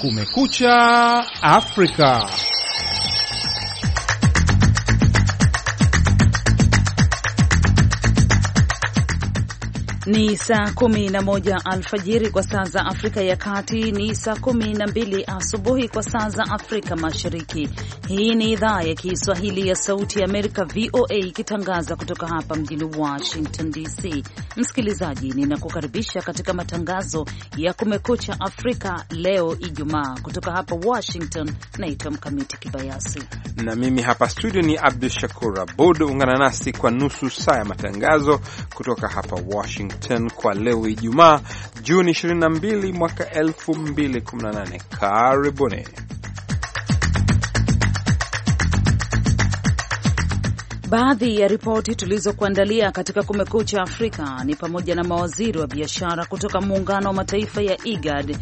Kumekucha Afrika. Ni saa kumi na moja alfajiri kwa saa za Afrika ya Kati, ni saa kumi na mbili asubuhi kwa saa za Afrika Mashariki. Hii ni idhaa ya Kiswahili ya Sauti ya Amerika, VOA, ikitangaza kutoka hapa mjini Washington DC. Msikilizaji, ninakukaribisha katika matangazo ya Kumekucha Afrika leo Ijumaa, kutoka hapa Washington. Naitwa Mkamiti Kibayasi na mimi hapa studio ni Abdu Shakur Abud. Ungana nasi kwa nusu saa ya matangazo kutoka hapa Washington kwa leo Ijumaa, Juni 22 mwaka 2018. Karibuni. Baadhi ya ripoti tulizokuandalia katika Kumekucha Afrika ni pamoja na mawaziri wa biashara kutoka muungano wa mataifa ya IGAD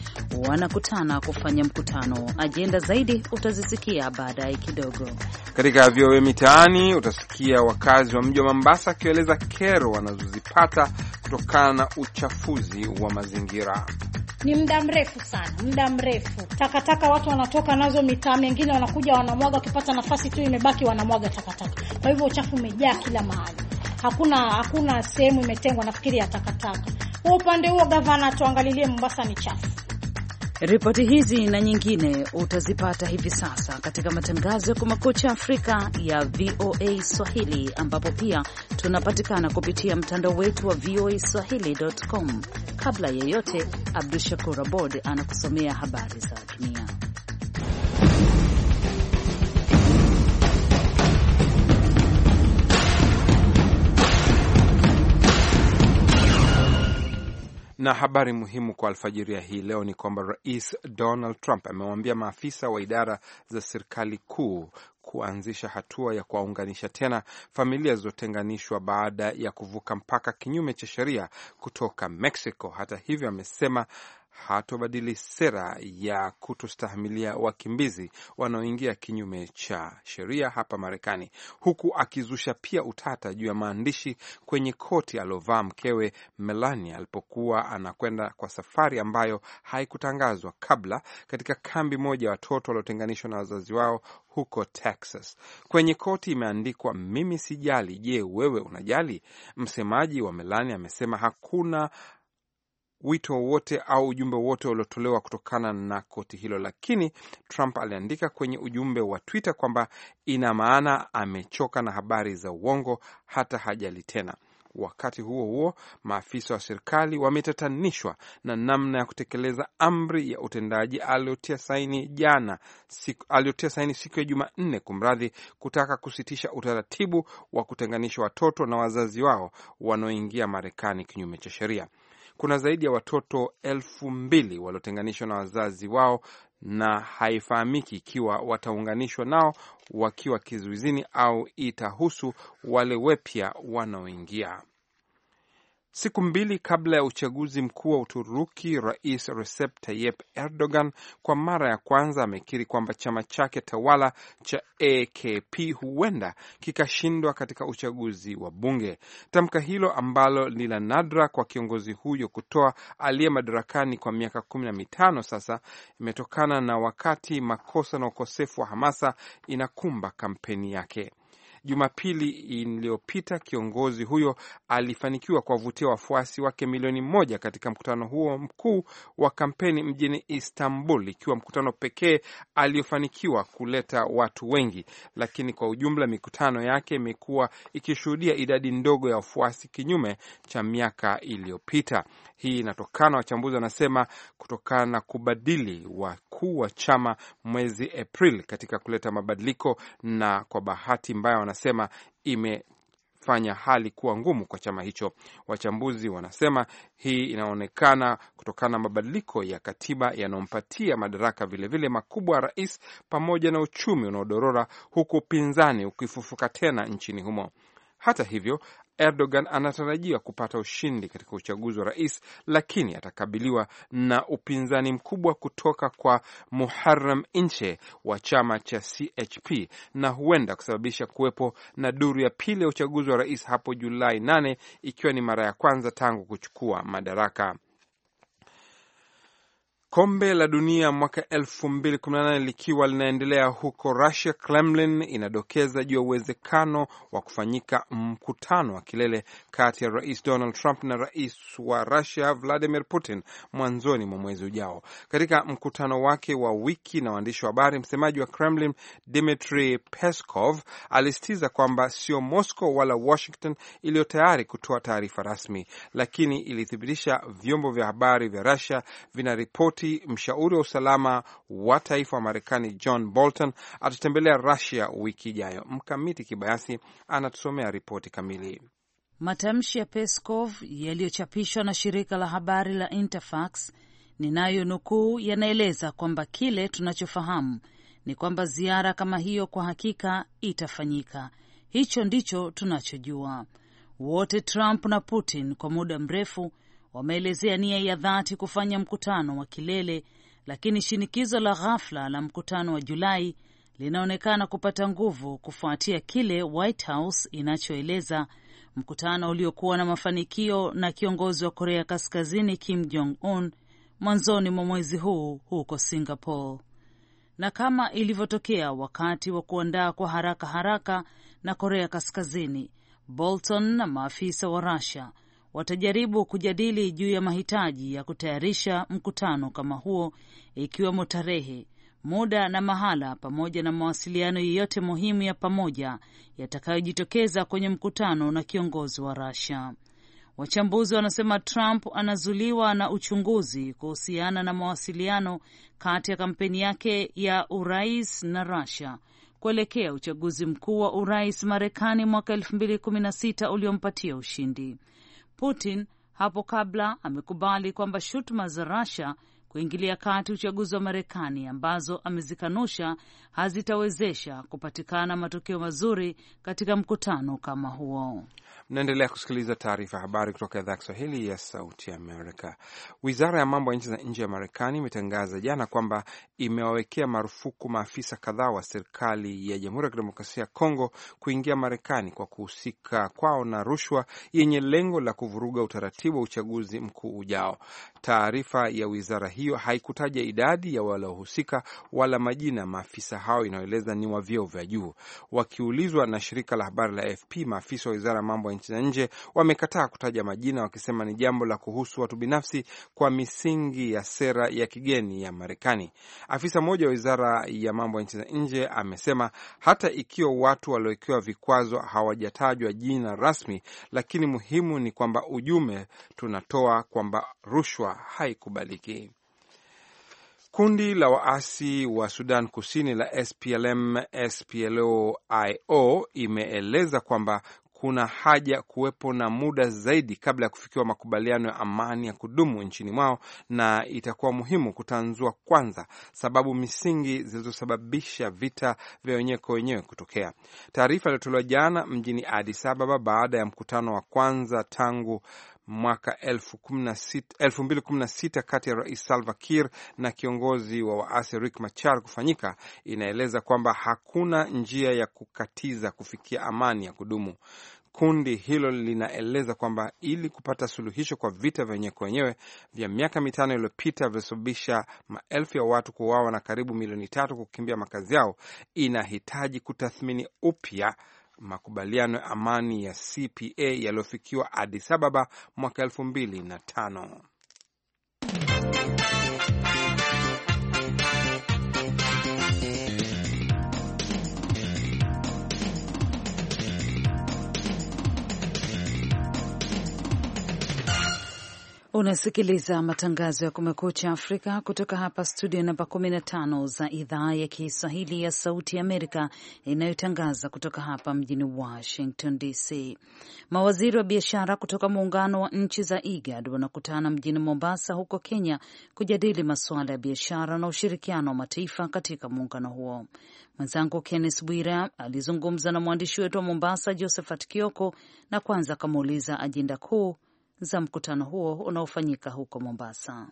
wanakutana kufanya mkutano. Ajenda zaidi utazisikia baadaye kidogo. Katika VOA Mitaani utasikia wakazi wa mji wa Mombasa wakieleza kero wanazozipata kutokana na uchafuzi wa mazingira ni muda mrefu sana, muda mrefu. Takataka watu wanatoka nazo mitaa mingine, wanakuja wanamwaga, wakipata nafasi tu imebaki wanamwaga takataka. Kwa hivyo uchafu umejaa kila mahali, hakuna hakuna sehemu imetengwa nafikiri ya takataka. Kwa upande huo, gavana, tuangalilie Mombasa ni chafu Ripoti hizi na nyingine utazipata hivi sasa katika matangazo ya Kumekucha Afrika ya VOA Swahili, ambapo pia tunapatikana kupitia mtandao wetu wa VOA Swahili.com. Kabla yeyote, Abdu Shakur Abod anakusomea habari za dunia. Na habari muhimu kwa alfajiri ya hii leo ni kwamba Rais Donald Trump amewaambia maafisa wa idara za serikali kuu kuanzisha hatua ya kuwaunganisha tena familia zilizotenganishwa baada ya kuvuka mpaka kinyume cha sheria kutoka Mexico. Hata hivyo, amesema hatobadili sera ya kutostahimilia wakimbizi wanaoingia kinyume cha sheria hapa Marekani, huku akizusha pia utata juu ya maandishi kwenye koti aliovaa mkewe Melania alipokuwa anakwenda kwa safari ambayo haikutangazwa kabla katika kambi moja ya watoto waliotenganishwa na wazazi wao huko Texas. Kwenye koti imeandikwa mimi sijali, je, wewe unajali? Msemaji wa Melania amesema hakuna wito wowote au ujumbe wowote uliotolewa kutokana na koti hilo, lakini Trump aliandika kwenye ujumbe wa Twitter kwamba ina maana amechoka na habari za uongo, hata hajali tena. Wakati huo huo, maafisa wa serikali wametatanishwa na namna ya kutekeleza amri ya utendaji aliyotia saini jana, siku, aliyotia saini siku ya Jumanne, kumradhi, kutaka kusitisha utaratibu wa kutenganisha watoto na wazazi wao wanaoingia Marekani kinyume cha sheria kuna zaidi ya watoto elfu mbili waliotenganishwa na wazazi wao na haifahamiki ikiwa wataunganishwa nao wakiwa kizuizini au itahusu wale wapya wanaoingia. Siku mbili kabla ya uchaguzi mkuu wa Uturuki, Rais Recep Tayyip Erdogan kwa mara ya kwanza amekiri kwamba chama chake tawala cha AKP huenda kikashindwa katika uchaguzi wa bunge. Tamka hilo ambalo ni la nadra kwa kiongozi huyo kutoa, aliye madarakani kwa miaka kumi na mitano sasa, imetokana na wakati makosa na ukosefu wa hamasa inakumba kampeni yake. Jumapili iliyopita kiongozi huyo alifanikiwa kuwavutia wafuasi wake milioni moja katika mkutano huo mkuu wa kampeni mjini Istanbul, ikiwa mkutano pekee aliyofanikiwa kuleta watu wengi. Lakini kwa ujumla mikutano yake imekuwa ikishuhudia idadi ndogo ya wafuasi, kinyume cha miaka iliyopita. Hii inatokana, wachambuzi wanasema, kutokana na kubadili wakuu wa chama mwezi Aprili katika kuleta mabadiliko, na kwa bahati mbaya wanasema imefanya hali kuwa ngumu kwa chama hicho. Wachambuzi wanasema hii inaonekana kutokana na mabadiliko ya katiba yanayompatia madaraka vilevile makubwa ya rais, pamoja na uchumi unaodorora, huku upinzani ukifufuka tena nchini humo. Hata hivyo Erdogan anatarajiwa kupata ushindi katika uchaguzi wa rais, lakini atakabiliwa na upinzani mkubwa kutoka kwa Muharram Inche wa chama cha CHP na huenda kusababisha kuwepo na duru ya pili ya uchaguzi wa rais hapo Julai 8 ikiwa ni mara ya kwanza tangu kuchukua madaraka. Kombe la dunia mwaka 2018 likiwa linaendelea huko Russia, Kremlin inadokeza juu ya uwezekano wa kufanyika mkutano wa kilele kati ya Rais Donald Trump na rais wa Russia Vladimir Putin mwanzoni mwa mwezi ujao. Katika mkutano wake wa wiki na waandishi wa habari, msemaji wa Kremlin Dmitry Peskov alisitiza kwamba sio Moscow wala Washington iliyo tayari kutoa taarifa rasmi, lakini ilithibitisha vyombo vya habari vya Russia vinaripoti Jumamosi, mshauri wa usalama wa taifa wa Marekani John Bolton atatembelea Rusia wiki ijayo. Mkamiti Kibayasi anatusomea ripoti kamili. Matamshi ya Peskov yaliyochapishwa na shirika la habari la Interfax ninayo nukuu, yanaeleza kwamba kile tunachofahamu ni kwamba ziara kama hiyo kwa hakika itafanyika. Hicho ndicho tunachojua wote. Trump na Putin kwa muda mrefu wameelezea nia ya dhati kufanya mkutano wa kilele, lakini shinikizo la ghafla la mkutano wa Julai linaonekana kupata nguvu kufuatia kile White House inachoeleza mkutano uliokuwa na mafanikio na kiongozi wa Korea Kaskazini Kim Jong Un mwanzoni mwa mwezi huu huko Singapore. Na kama ilivyotokea wakati wa kuandaa kwa haraka haraka na Korea Kaskazini, Bolton na maafisa wa Russia watajaribu kujadili juu ya mahitaji ya kutayarisha mkutano kama huo, ikiwemo tarehe, muda na mahala, pamoja na mawasiliano yeyote muhimu ya pamoja yatakayojitokeza kwenye mkutano na kiongozi wa Russia. Wachambuzi wanasema Trump anazuliwa na uchunguzi kuhusiana na mawasiliano kati ya kampeni yake ya urais na Russia kuelekea uchaguzi mkuu wa urais Marekani mwaka 2016 uliompatia ushindi. Putin hapo kabla amekubali kwamba shutuma za Russia kuingilia kati uchaguzi wa Marekani ambazo amezikanusha hazitawezesha kupatikana matokeo mazuri katika mkutano kama huo. Mnaendelea kusikiliza taarifa habari kutoka idhaa ya Kiswahili ya Sauti Amerika. Wizara ya mambo ya nchi za nje ya Marekani imetangaza jana kwamba imewawekea marufuku maafisa kadhaa wa serikali ya Jamhuri ya Kidemokrasia ya Kongo kuingia Marekani kwa kuhusika kwao na rushwa yenye lengo la kuvuruga utaratibu wa uchaguzi mkuu ujao. Taarifa ya wizara hiyo haikutaja idadi ya waliohusika wala majina. Maafisa hao inayoeleza ni wa vyeo vya juu. Wakiulizwa na shirika la habari la AFP, maafisa wa wizara ya mambo ya nchi za nje wamekataa kutaja majina, wakisema ni jambo la kuhusu watu binafsi kwa misingi ya sera ya kigeni ya Marekani. Afisa mmoja wa wizara ya mambo ya nchi za nje amesema hata ikiwa watu waliowekewa vikwazo hawajatajwa jina rasmi, lakini muhimu ni kwamba ujumbe tunatoa kwamba rushwa haikubaliki. Kundi la waasi wa Sudan Kusini la SPLM SPLO-IO imeeleza kwamba kuna haja kuwepo na muda zaidi kabla ya kufikiwa makubaliano ya amani ya kudumu nchini mwao, na itakuwa muhimu kutanzua kwanza sababu misingi zilizosababisha vita vya wenyewe kwa wenyewe kutokea. Taarifa iliyotolewa jana mjini Addis Ababa baada ya mkutano wa kwanza tangu mwaka 2016 kati ya Rais Salva Kiir na kiongozi wa waasi Riek Machar kufanyika, inaeleza kwamba hakuna njia ya kukatiza kufikia amani ya kudumu. Kundi hilo linaeleza kwamba ili kupata suluhisho kwa vita vyenye kwenyewe wenyewe vya miaka mitano iliyopita vilisababisha maelfu ya watu kuuawa na karibu milioni tatu kukimbia makazi yao, inahitaji kutathmini upya makubaliano ya amani ya CPA yaliyofikiwa Addis Ababa mwaka elfu mbili na tano. Unasikiliza matangazo ya Kumekucha Afrika kutoka hapa studio namba 15 za idhaa ya Kiswahili ya Sauti Amerika inayotangaza kutoka hapa mjini Washington DC. Mawaziri wa biashara kutoka muungano wa nchi za IGAD wanakutana mjini Mombasa huko Kenya kujadili masuala ya biashara na ushirikiano wa mataifa katika muungano huo. Mwenzangu kennes Bwira alizungumza na mwandishi wetu wa Mombasa Josephat Kioko na kwanza akamuuliza ajenda kuu za mkutano huo unaofanyika huko Mombasa.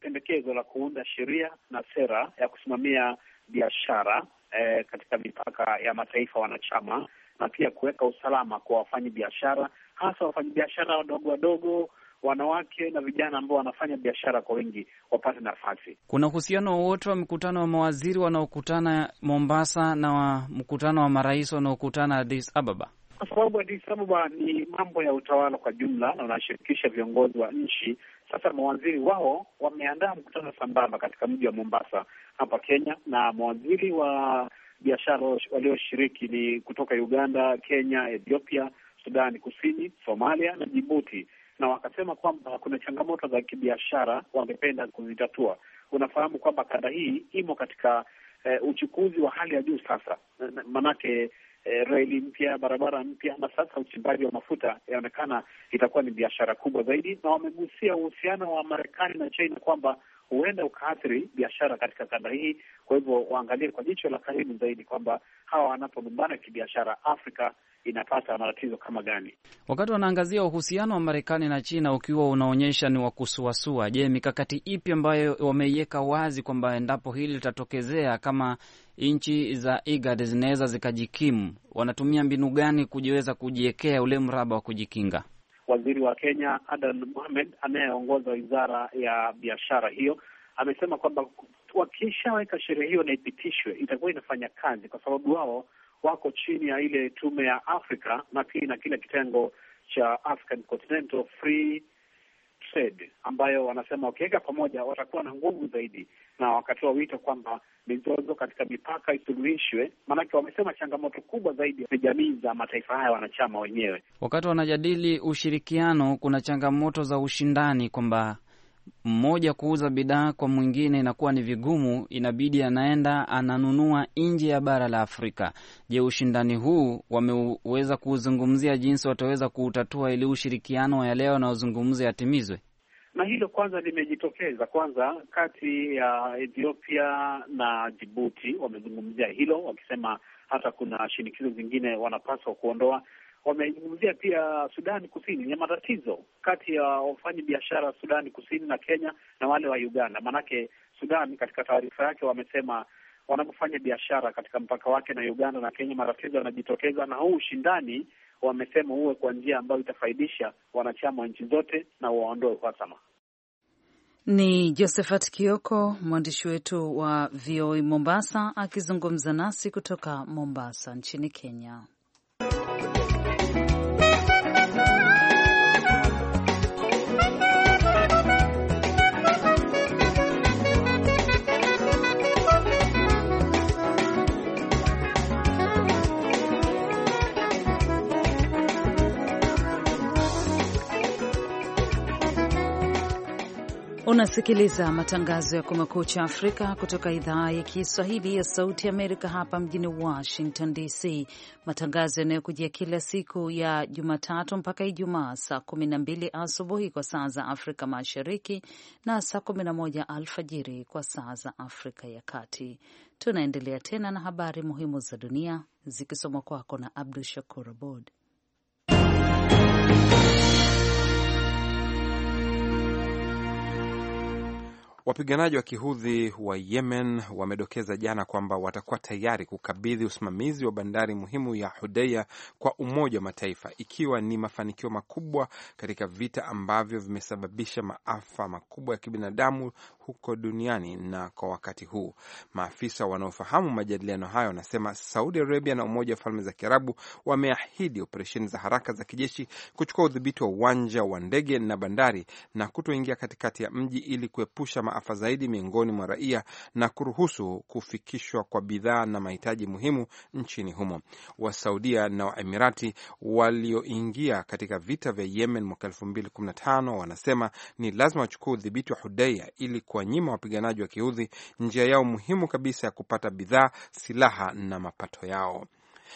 Pendekezo la kuunda sheria na sera ya kusimamia biashara eh, katika mipaka ya mataifa wanachama na pia kuweka usalama kwa wafanyi biashara hasa wafanyi biashara wadogo wadogo wanawake na vijana ambao wanafanya biashara kwa wingi wapate nafasi. Kuna uhusiano wowote wa mkutano wa mawaziri wanaokutana Mombasa na wa mkutano wa marais wanaokutana Addis Ababa? kwa sababu Addis Ababa ni mambo ya utawala kwa jumla na unashirikisha viongozi wa nchi. Sasa mawaziri wao wameandaa mkutano sambamba katika mji wa Mombasa hapa Kenya, na mawaziri wa biashara walioshiriki ni kutoka Uganda, Kenya, Ethiopia, Sudani Kusini, Somalia na Jibuti, na wakasema kwamba kuna changamoto za kibiashara wangependa kuzitatua. Unafahamu kwamba kanda hii imo katika eh, uchukuzi wa hali ya juu sasa, manake eh, reli mpya, barabara mpya, na sasa uchimbaji wa mafuta yaonekana itakuwa ni biashara kubwa zaidi, na wamegusia uhusiano wa Marekani na China kwamba huenda ukaathiri biashara katika kanda hii. Kwa hivyo waangalie kwa jicho la karibu zaidi kwamba hawa wanapolumbana kibiashara Afrika inapata matatizo kama gani. Wakati wanaangazia uhusiano wa Marekani na China ukiwa unaonyesha ni wa kusuasua, je, mikakati ipi ambayo wameiweka wazi kwamba endapo hili litatokezea kama nchi za IGAD zinaweza zikajikimu? Wanatumia mbinu gani kujiweza kujiwekea ule mraba wa kujikinga? Waziri wa Kenya Adan Mohamed anayeongoza wizara ya biashara hiyo amesema kwamba wakishaweka sheria hiyo na ipitishwe, itakuwa inafanya kazi, kwa sababu wao wako chini ya ile tume ya Afrika na na kile kitengo cha African Continental Free Trade, ambayo wanasema wakiweka pamoja watakuwa na nguvu zaidi, na wakatoa wito kwamba mizozo katika mipaka isuluhishwe, maanake wamesema changamoto kubwa zaidi ni jamii za mataifa haya wanachama wenyewe. Wakati wanajadili ushirikiano, kuna changamoto za ushindani kwamba mmoja kuuza bidhaa kwa mwingine inakuwa ni vigumu, inabidi anaenda ananunua nje ya bara la Afrika. Je, ushindani huu wameweza kuuzungumzia jinsi wataweza kuutatua ili ushirikiano wa yaleo anaozungumza yatimizwe? Na hilo kwanza limejitokeza kwanza kati ya Ethiopia na Jibuti, wamezungumzia hilo wakisema hata kuna shinikizo zingine wanapaswa kuondoa, wamezungumzia pia Sudani Kusini ya matatizo kati ya wafanyi biashara Sudani Kusini na Kenya na wale wa Uganda, maanake sudani katika taarifa yake wamesema wanapofanya biashara katika mpaka wake na Uganda na Kenya matatizo yanajitokeza, na huu ushindani wamesema uwe kwa njia ambayo itafaidisha wanachama wa nchi zote na waondoe uhasama. Ni Josephat Kioko, mwandishi wetu wa VOA e Mombasa, akizungumza nasi kutoka Mombasa nchini Kenya. Unasikiliza matangazo ya Kumekucha Afrika kutoka idhaa ya Kiswahili ya Sauti Amerika hapa mjini Washington DC, matangazo yanayokujia kila siku ya Jumatatu mpaka Ijumaa saa 12 asubuhi kwa saa za Afrika Mashariki na saa 11 alfajiri kwa saa za Afrika ya Kati. Tunaendelea tena na habari muhimu za dunia zikisomwa kwako na Abdu Shakur Abod. Wapiganaji wa kihudhi wa Yemen wamedokeza jana kwamba watakuwa tayari kukabidhi usimamizi wa bandari muhimu ya Hudeya kwa Umoja wa Mataifa, ikiwa ni mafanikio makubwa katika vita ambavyo vimesababisha maafa makubwa ya kibinadamu huko duniani na kwa wakati huu. Maafisa wanaofahamu majadiliano hayo wanasema Saudi Arabia na Umoja wa Falme za Kiarabu wameahidi operesheni za haraka za kijeshi kuchukua udhibiti wa uwanja wa ndege na bandari na kutoingia katikati ya mji ili kuepusha maafa zaidi miongoni mwa raia na kuruhusu kufikishwa kwa bidhaa na mahitaji muhimu nchini humo. Wasaudia na Waemirati walioingia katika vita vya Yemen mwaka 2015 wanasema ni lazima wachukua udhibiti wa Hudaia ili kuwanyima wapiganaji wa kiudhi njia yao muhimu kabisa ya kupata bidhaa, silaha na mapato yao.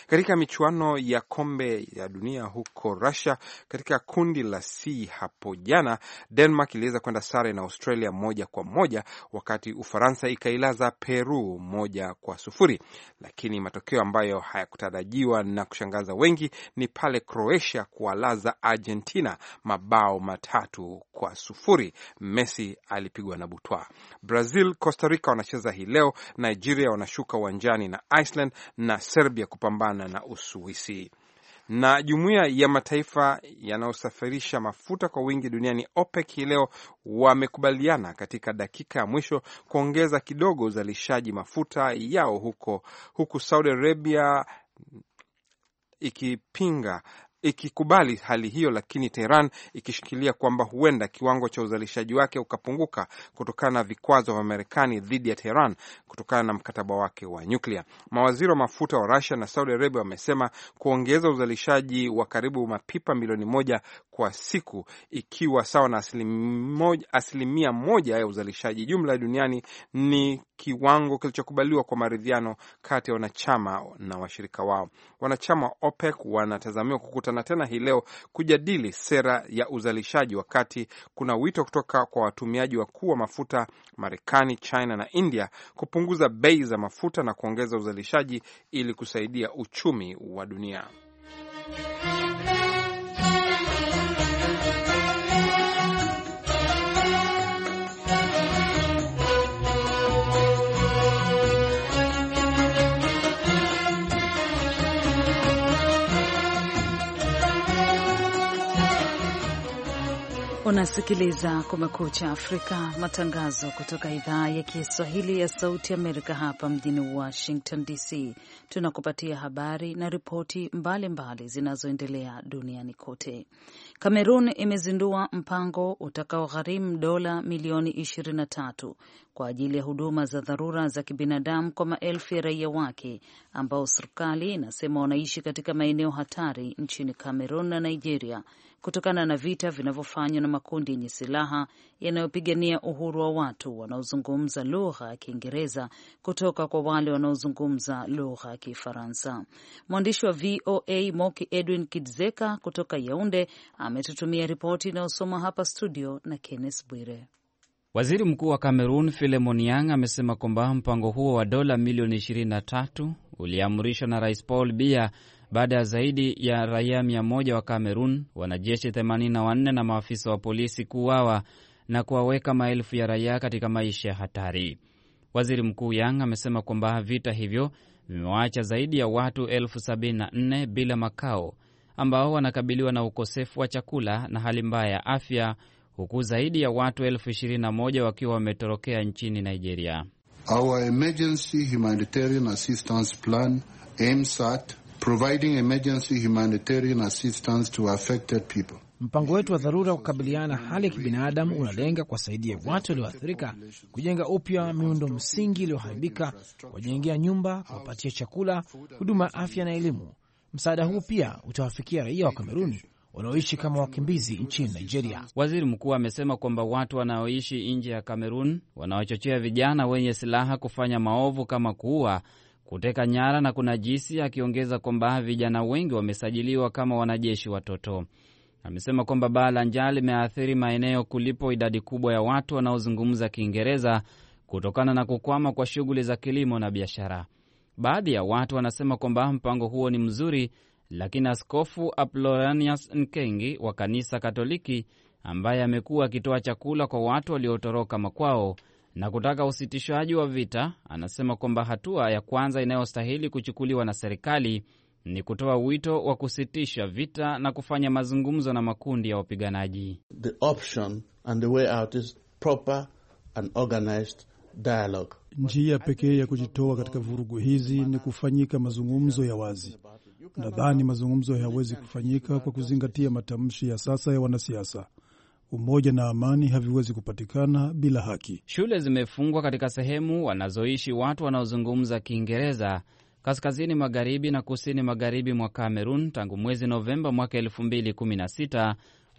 Katika michuano ya kombe ya dunia huko Russia, katika kundi la C hapo jana, Denmark iliweza kwenda sare na Australia moja kwa moja, wakati Ufaransa ikailaza Peru moja kwa sufuri. Lakini matokeo ambayo hayakutarajiwa na kushangaza wengi ni pale Croatia kuwalaza Argentina mabao matatu kwa sufuri. Messi alipigwa na butwa. Brazil Costa Rica wanacheza hii leo, Nigeria wanashuka uwanjani na Iceland na Serbia kupambana kupambana na Uswisi. Na jumuiya ya mataifa yanayosafirisha mafuta kwa wingi duniani OPEC hii leo wamekubaliana katika dakika ya mwisho kuongeza kidogo uzalishaji mafuta yao huko, huku Saudi Arabia ikipinga ikikubali hali hiyo, lakini Tehran ikishikilia kwamba huenda kiwango cha uzalishaji wake ukapunguka kutokana na vikwazo vya Marekani dhidi ya Tehran kutokana na mkataba wake wa nyuklia. Mawaziri wa mafuta wa Rusia na Saudi Arabia wamesema kuongeza uzalishaji wa karibu mapipa milioni moja kwa siku ikiwa sawa na asilimia moja ya uzalishaji jumla duniani. Ni kiwango kilichokubaliwa kwa maridhiano kati ya wanachama na washirika wao. Wanachama wa OPEC wanatazamiwa kukutana tena hii leo kujadili sera ya uzalishaji, wakati kuna wito kutoka kwa watumiaji wakuu wa mafuta Marekani, China na India kupunguza bei za mafuta na kuongeza uzalishaji ili kusaidia uchumi wa dunia. Unasikiliza Kumekucha Afrika, matangazo kutoka idhaa ya Kiswahili ya Sauti Amerika hapa mjini Washington DC. Tunakupatia habari na ripoti mbalimbali zinazoendelea duniani kote. Kamerun imezindua mpango utakaogharimu dola milioni 23 kwa ajili ya huduma za dharura za kibinadamu kwa maelfu ya raia wake ambao serikali inasema wanaishi katika maeneo hatari nchini Kamerun na Nigeria kutokana na vita vinavyofanywa na makundi yenye silaha yanayopigania uhuru wa watu wanaozungumza lugha ya Kiingereza kutoka kwa wale wanaozungumza lugha ya Kifaransa. Mwandishi wa VOA Moki Edwin Kidzeka kutoka Yaunde ametutumia ripoti inayosoma hapa studio na Kenneth Bwire. Waziri Mkuu wa Kamerun Filemon Yang amesema kwamba mpango huo wa dola milioni 23 uliamrishwa na Rais Paul bia baada ya zaidi ya raia 100 wa Kamerun, wanajeshi 84 na maafisa wa polisi kuuawa na kuwaweka maelfu ya raia katika maisha ya hatari. Waziri Mkuu Yang amesema kwamba vita hivyo vimewaacha zaidi ya watu elfu 74 bila makao ambao wanakabiliwa na ukosefu wa chakula na hali mbaya ya afya huku zaidi ya watu elfu ishirini na moja wakiwa wametorokea nchini Nigeria. Our emergency humanitarian assistance plan aims at providing emergency humanitarian assistance to affected people. Mpango wetu wa dharura wa kukabiliana na hali ya kibinadamu unalenga kuwasaidia watu walioathirika kujenga upya miundo msingi iliyoharibika, kuwajengea nyumba, kuwapatia chakula, huduma ya afya na elimu. Msaada huu pia utawafikia raia wa Kameruni wanaoishi kama wakimbizi nchini Nigeria. Waziri mkuu amesema kwamba watu wanaoishi nje ya Kamerun wanaochochea vijana wenye silaha kufanya maovu kama kuua, kuteka nyara na kunajisi, akiongeza kwamba vijana wengi wamesajiliwa kama wanajeshi watoto. Amesema kwamba baa la njaa limeathiri maeneo kulipo idadi kubwa ya watu wanaozungumza Kiingereza kutokana na kukwama kwa shughuli za kilimo na biashara. Baadhi ya watu wanasema kwamba mpango huo ni mzuri, lakini Askofu Aploranius Nkengi wa kanisa Katoliki ambaye amekuwa akitoa chakula kwa watu waliotoroka makwao na kutaka usitishaji wa vita, anasema kwamba hatua ya kwanza inayostahili kuchukuliwa na serikali ni kutoa wito wa kusitisha vita na kufanya mazungumzo na makundi ya wapiganaji. The option and the way out is proper and organized dialogue. Njia pekee ya kujitoa katika vurugu hizi ni kufanyika mazungumzo ya wazi. Nadhani mazungumzo hayawezi kufanyika kwa kuzingatia matamshi ya sasa ya wanasiasa. Umoja na amani haviwezi kupatikana bila haki. Shule zimefungwa katika sehemu wanazoishi watu wanaozungumza Kiingereza kaskazini magharibi na kusini magharibi mwa Kamerun tangu mwezi Novemba mwaka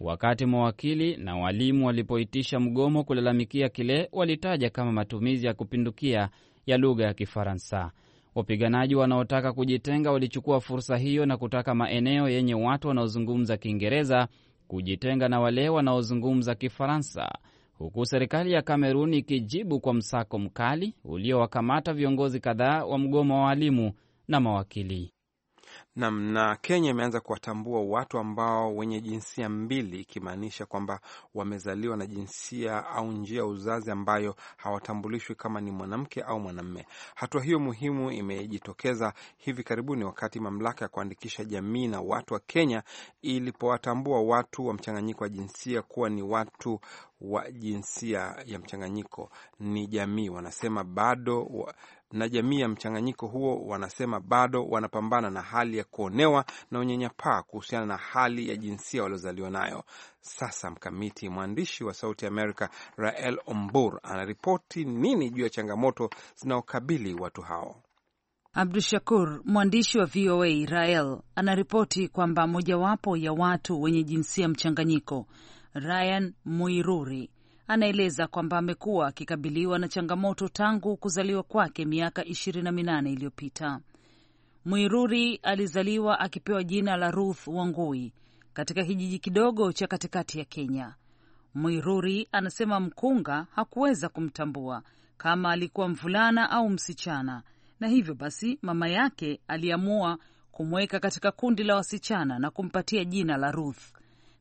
wakati mawakili na walimu walipoitisha mgomo kulalamikia kile walitaja kama matumizi ya kupindukia ya lugha ya Kifaransa. Wapiganaji wanaotaka kujitenga walichukua fursa hiyo na kutaka maeneo yenye watu wanaozungumza Kiingereza kujitenga na wale wanaozungumza Kifaransa, huku serikali ya Kamerun ikijibu kwa msako mkali uliowakamata viongozi kadhaa wa mgomo wa walimu na mawakili. Nam na Kenya imeanza kuwatambua watu ambao wenye jinsia mbili, ikimaanisha kwamba wamezaliwa na jinsia au njia ya uzazi ambayo hawatambulishwi kama ni mwanamke au mwanamme. Hatua hiyo muhimu imejitokeza hivi karibuni wakati mamlaka ya kuandikisha jamii na watu wa Kenya ilipowatambua watu wa mchanganyiko wa jinsia kuwa ni watu wa jinsia ya mchanganyiko, ni jamii. Wanasema bado wa na jamii ya mchanganyiko huo wanasema bado wanapambana na hali ya kuonewa na unyanyapaa kuhusiana na hali ya jinsia waliozaliwa nayo. Sasa mkamiti mwandishi wa Sauti Amerika Rael Ombur anaripoti nini juu ya changamoto zinaokabili watu hao? Abdu Shakur, mwandishi wa VOA Rael, anaripoti kwamba mojawapo ya watu wenye jinsia mchanganyiko Ryan Muiruri anaeleza kwamba amekuwa akikabiliwa na changamoto tangu kuzaliwa kwake miaka ishirini na minane iliyopita. Mwiruri alizaliwa akipewa jina la Ruth Wangui katika kijiji kidogo cha katikati ya Kenya. Mwiruri anasema mkunga hakuweza kumtambua kama alikuwa mvulana au msichana, na hivyo basi mama yake aliamua kumweka katika kundi la wasichana na kumpatia jina la Ruth,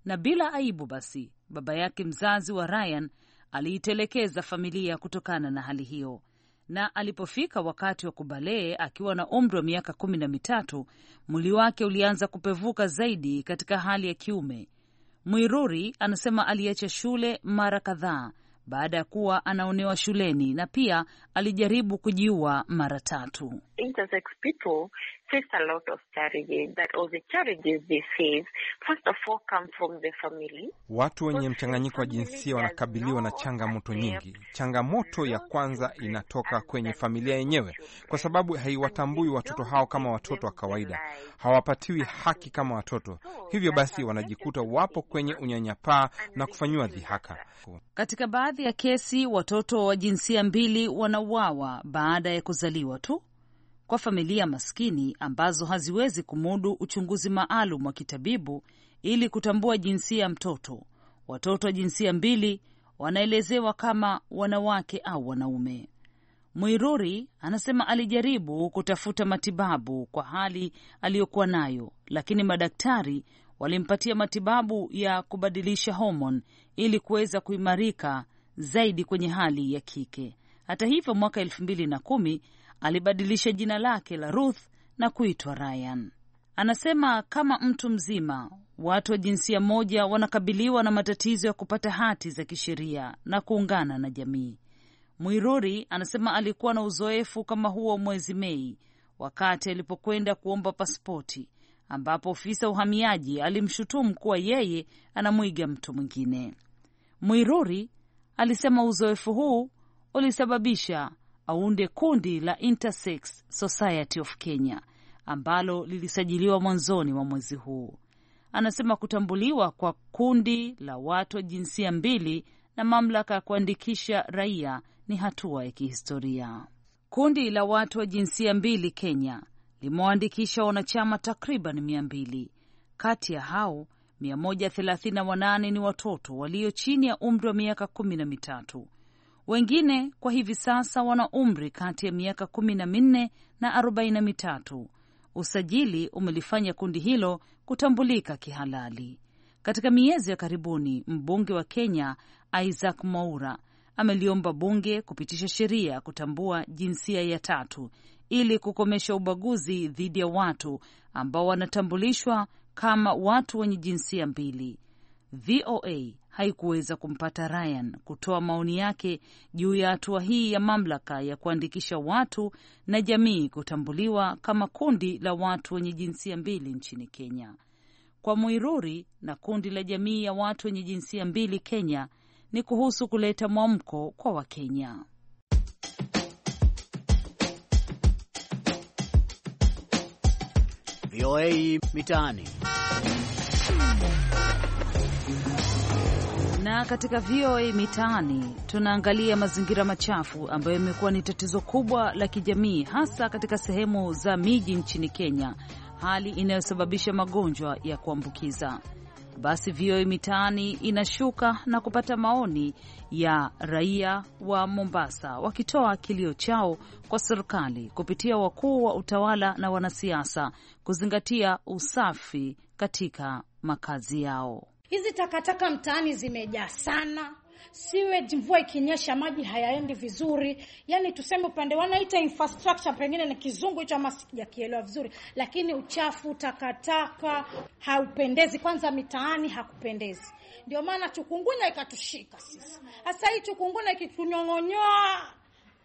na bila aibu basi Baba yake mzazi wa Ryan aliitelekeza familia kutokana na hali hiyo, na alipofika wakati wa kubalee akiwa na umri wa miaka kumi na mitatu, mwili wake ulianza kupevuka zaidi katika hali ya kiume. Mwiruri anasema aliacha shule mara kadhaa baada ya kuwa anaonewa shuleni na pia alijaribu kujiua mara tatu. Intersex people face a lot of challenges that all the challenges they face first of all come from the family. Watu wenye mchanganyiko wa jinsia wanakabiliwa na changamoto nyingi. Changamoto ya kwanza inatoka kwenye familia yenyewe, kwa sababu haiwatambui watoto hao kama watoto wa kawaida, hawapatiwi haki kama watoto, hivyo basi wanajikuta wapo kwenye unyanyapaa na kufanyiwa dhihaka. Katika baadhi ya kesi, watoto wa jinsia mbili wanauawa baada ya kuzaliwa tu kwa familia maskini ambazo haziwezi kumudu uchunguzi maalum wa kitabibu ili kutambua jinsia ya mtoto. Watoto wa jinsia mbili wanaelezewa kama wanawake au wanaume. Mwiruri anasema alijaribu kutafuta matibabu kwa hali aliyokuwa nayo, lakini madaktari walimpatia matibabu ya kubadilisha homoni ili kuweza kuimarika zaidi kwenye hali ya kike. Hata hivyo, mwaka elfu mbili na kumi alibadilisha jina lake la Ruth na kuitwa Ryan. Anasema kama mtu mzima, watu wa jinsia moja wanakabiliwa na matatizo ya kupata hati za kisheria na kuungana na jamii. Mwiruri anasema alikuwa na uzoefu kama huo mwezi Mei wakati alipokwenda kuomba pasipoti, ambapo ofisa uhamiaji alimshutumu kuwa yeye anamwiga mtu mwingine. Mwiruri alisema uzoefu huu ulisababisha aunde kundi la Intersex Society of Kenya ambalo lilisajiliwa mwanzoni mwa mwezi huu. Anasema kutambuliwa kwa kundi la watu wa jinsia mbili na mamlaka ya kuandikisha raia ni hatua ya kihistoria. Kundi la watu wa jinsia mbili Kenya limewaandikisha wanachama takriban mia mbili. Kati ya hao wanane ni watoto walio chini ya umri wa miaka kumi na mitatu wengine kwa hivi sasa wana umri kati ya miaka kumi na minne na arobaini na mitatu. Usajili umelifanya kundi hilo kutambulika kihalali. Katika miezi ya karibuni, mbunge wa Kenya Isaac Mwaura ameliomba bunge kupitisha sheria ya kutambua jinsia ya tatu ili kukomesha ubaguzi dhidi ya watu ambao wanatambulishwa kama watu wenye jinsia mbili. VOA haikuweza kumpata Ryan kutoa maoni yake juu ya hatua hii ya mamlaka ya kuandikisha watu na jamii kutambuliwa kama kundi la watu wenye jinsia mbili nchini Kenya. Kwa Mwiruri na kundi la jamii ya watu wenye jinsia mbili Kenya ni kuhusu kuleta mwamko kwa Wakenya. VOA Mitaani. Na katika VOA Mitaani tunaangalia mazingira machafu ambayo imekuwa ni tatizo kubwa la kijamii, hasa katika sehemu za miji nchini Kenya, hali inayosababisha magonjwa ya kuambukiza. Basi VOA Mitaani inashuka na kupata maoni ya raia wa Mombasa wakitoa kilio chao kwa serikali kupitia wakuu wa utawala na wanasiasa kuzingatia usafi katika makazi yao. Hizi takataka mtaani zimejaa sana siwe mvua ikinyesha maji hayaendi vizuri. Yani tuseme upande wanaita infrastructure, pengine ni kizungu hicho ama sijakielewa vizuri, lakini uchafu, takataka haupendezi. Kwanza mitaani hakupendezi, ndio maana chukungunya ikatushika sisi. Sasa hii chukungunya ikitunyong'onyoa,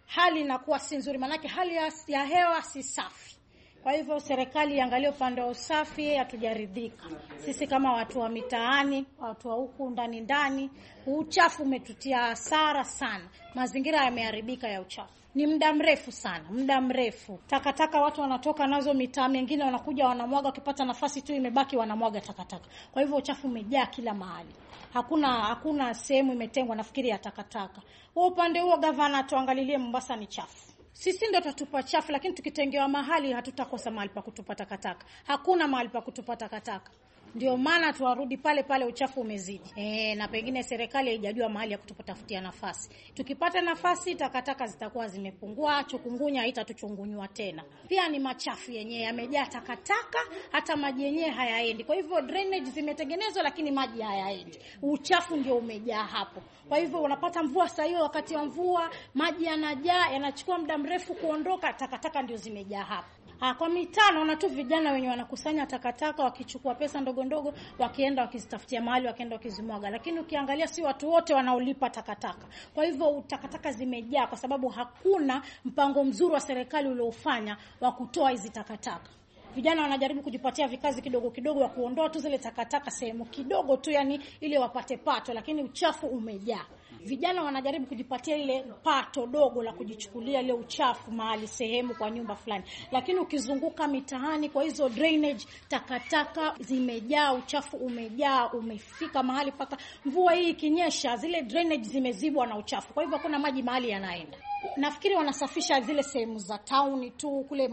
hali inakuwa si nzuri, maanake hali ya hewa si safi. Kwa hivyo serikali iangalie upande wa usafi, hatujaridhika sisi kama watu wa mitaani, watu wa huku ndani ndani. Uchafu umetutia hasara sana, mazingira yameharibika ya uchafu ni muda mrefu sana, muda mrefu. Takataka watu wanatoka nazo mitaa mingine, wanakuja wanamwaga, wakipata nafasi tu imebaki wanamwaga takataka. Kwa hivyo uchafu umejaa kila mahali, hakuna hakuna sehemu imetengwa nafikiri ya takataka. Huo upande huo, gavana tuangalilie, Mombasa ni chafu sisi ndo tatupa chafu, lakini tukitengewa mahali hatutakosa mahali pa kutupa takataka. Hakuna mahali pa kutupa takataka ndio maana tuwarudi pale pale, uchafu umezidi. E, na pengine serikali haijajua mahali ya kutupatafutia nafasi. Tukipata nafasi, takataka zitakuwa zimepungua, chukungunya haitatuchungunywa tena. Pia ni machafu yenyewe yamejaa takataka, hata maji yenyewe hayaendi. Kwa hivyo drainage zimetengenezwa, lakini maji hayaendi, uchafu ndio umejaa hapo. Kwa hivyo unapata mvua saa hiyo, wakati wa mvua maji yanajaa, yanachukua muda mrefu kuondoka, takataka ndio zimejaa hapo. Ha, ah, kwa mitaa naona tu vijana wenye wanakusanya takataka wakichukua pesa ndogo ndogo wakienda wakizitafutia mahali wakienda wakizimwaga, lakini ukiangalia si watu wote wanaolipa takataka. Kwa hivyo takataka zimejaa kwa sababu hakuna mpango mzuri wa serikali uliofanya wa kutoa hizi takataka. Vijana wanajaribu kujipatia vikazi kidogo kidogo, wa kuondoa tu zile takataka sehemu kidogo tu, yani ili wapate pato, lakini uchafu umejaa. Vijana wanajaribu kujipatia ile pato dogo la kujichukulia ile uchafu mahali sehemu kwa nyumba fulani, lakini ukizunguka mitaani kwa hizo drainage, takataka zimejaa, uchafu umejaa, umefika mahali mpaka mvua hii ikinyesha, zile drainage zimezibwa na uchafu, kwa hivyo hakuna maji mahali yanaenda. Nafikiri wanasafisha zile sehemu za tauni tu kule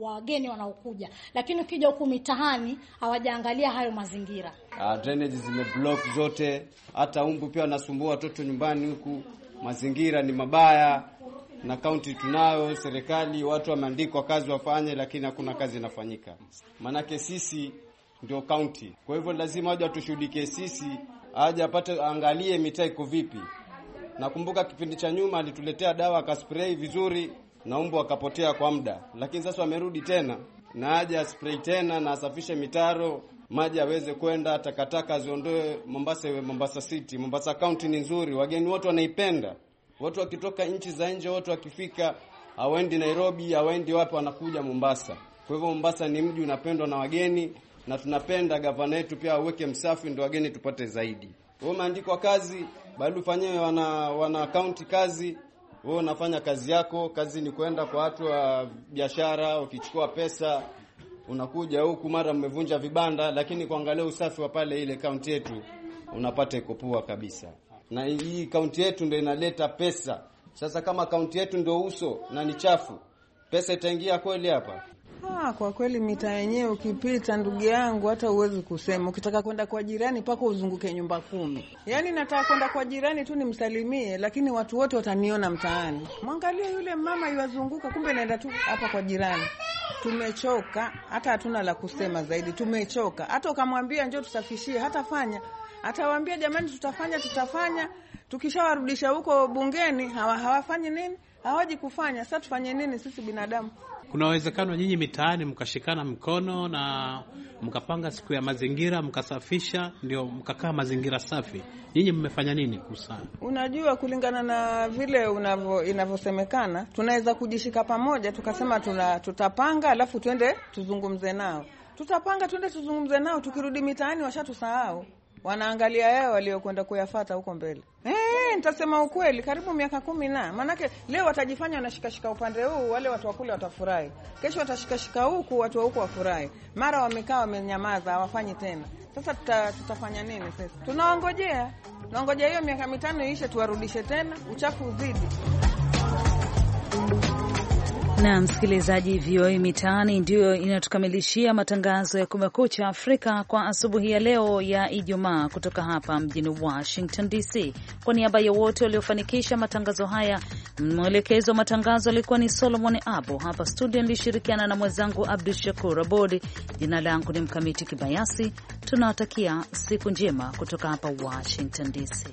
wageni wanaokuja, lakini ukija huku mitaani hawajaangalia hayo mazingira. Uh, drainage zimeblock zote, hata umbu pia wanasumbua watoto kesho nyumbani huku, mazingira ni mabaya, na kaunti tunayo serikali, watu wameandikwa kazi wafanye, lakini hakuna kazi inafanyika. Maanake sisi ndio kaunti, kwa hivyo lazima aje watushuhudikie sisi, aje apate, angalie mitaa iko vipi. Nakumbuka kipindi cha nyuma alituletea dawa akaspray vizuri na umbu akapotea kwa muda, lakini sasa wamerudi tena na aje aspray tena na asafishe mitaro maji aweze kwenda, takataka ziondoe Mombasa, iwe Mombasa City. Mombasa County ni nzuri, wageni wote wanaipenda. Watu wakitoka nchi za nje, watu wakifika, hawaendi Nairobi, hawaendi wapi, wanakuja Mombasa. Kwa hivyo Mombasa ni mji unapendwa na wageni, na tunapenda gavana yetu pia aweke msafi, ndio wageni tupate zaidi. Wewe umeandikwa kazi, bali ufanyewe wana wana county kazi. Wewe unafanya kazi yako, kazi ni kwenda kwa watu wa biashara, ukichukua pesa unakuja huku mara mmevunja vibanda, lakini kuangalia usafi wa pale ile kaunti yetu unapata iko poa kabisa, na hii kaunti yetu ndio inaleta pesa. Sasa kama kaunti yetu ndio uso na ni chafu, pesa itaingia kweli hapa? Ah, kwa kweli mitaa yenyewe ukipita, ndugu yangu, hata uwezi kusema. Ukitaka kwenda kwa jirani pako uzunguke nyumba kumi. Yaani nataka kwenda kwa jirani tu nimsalimie, lakini watu wote wataniona mtaani. Mwangalie yule mama yuwazunguka, kumbe naenda tu hapa kwa jirani. Tumechoka, hata hatuna la kusema zaidi. Tumechoka, hata ukamwambia njoo tusafishie, hatafanya. Atawaambia jamani, tutafanya tutafanya. Tukishawarudisha huko bungeni hawa, hawafanyi nini, hawaji kufanya. Sasa tufanye nini sisi binadamu? Kuna uwezekano nyinyi mitaani mkashikana mkono na mkapanga siku ya mazingira, mkasafisha, ndio mkakaa mazingira safi. Nyinyi mmefanya nini kusana? Unajua, kulingana na vile unavyo inavyosemekana, tunaweza kujishika pamoja tukasema tuna, tutapanga alafu twende tuzungumze nao tutapanga twende tuzungumze nao, tukirudi mitaani washatusahau wanaangalia yao waliokwenda kuyafata huko mbele. Eh, nitasema ukweli, karibu miaka kumi na maanake, leo watajifanya wanashikashika upande huu, wale watu wa kule watafurahi, kesho watashikashika huku, watu wa huku wafurahi, mara wamekaa wamenyamaza, hawafanyi tena. Sasa tuta, tutafanya nini sasa? Tunaongojea, tunaongojea hiyo miaka mitano iishe, tuwarudishe tena, uchafu uzidi na msikilizaji, VOA Mitaani ndiyo inatukamilishia matangazo ya Kumekucha Afrika kwa asubuhi ya leo ya Ijumaa, kutoka hapa mjini Washington DC. Kwa niaba ya wote waliofanikisha matangazo haya, mwelekezi wa matangazo alikuwa ni Solomon Abo. Hapa studio nilishirikiana na mwenzangu Abdu Shakur Abodi. Jina langu ni Mkamiti Kibayasi. Tunawatakia siku njema kutoka hapa Washington DC.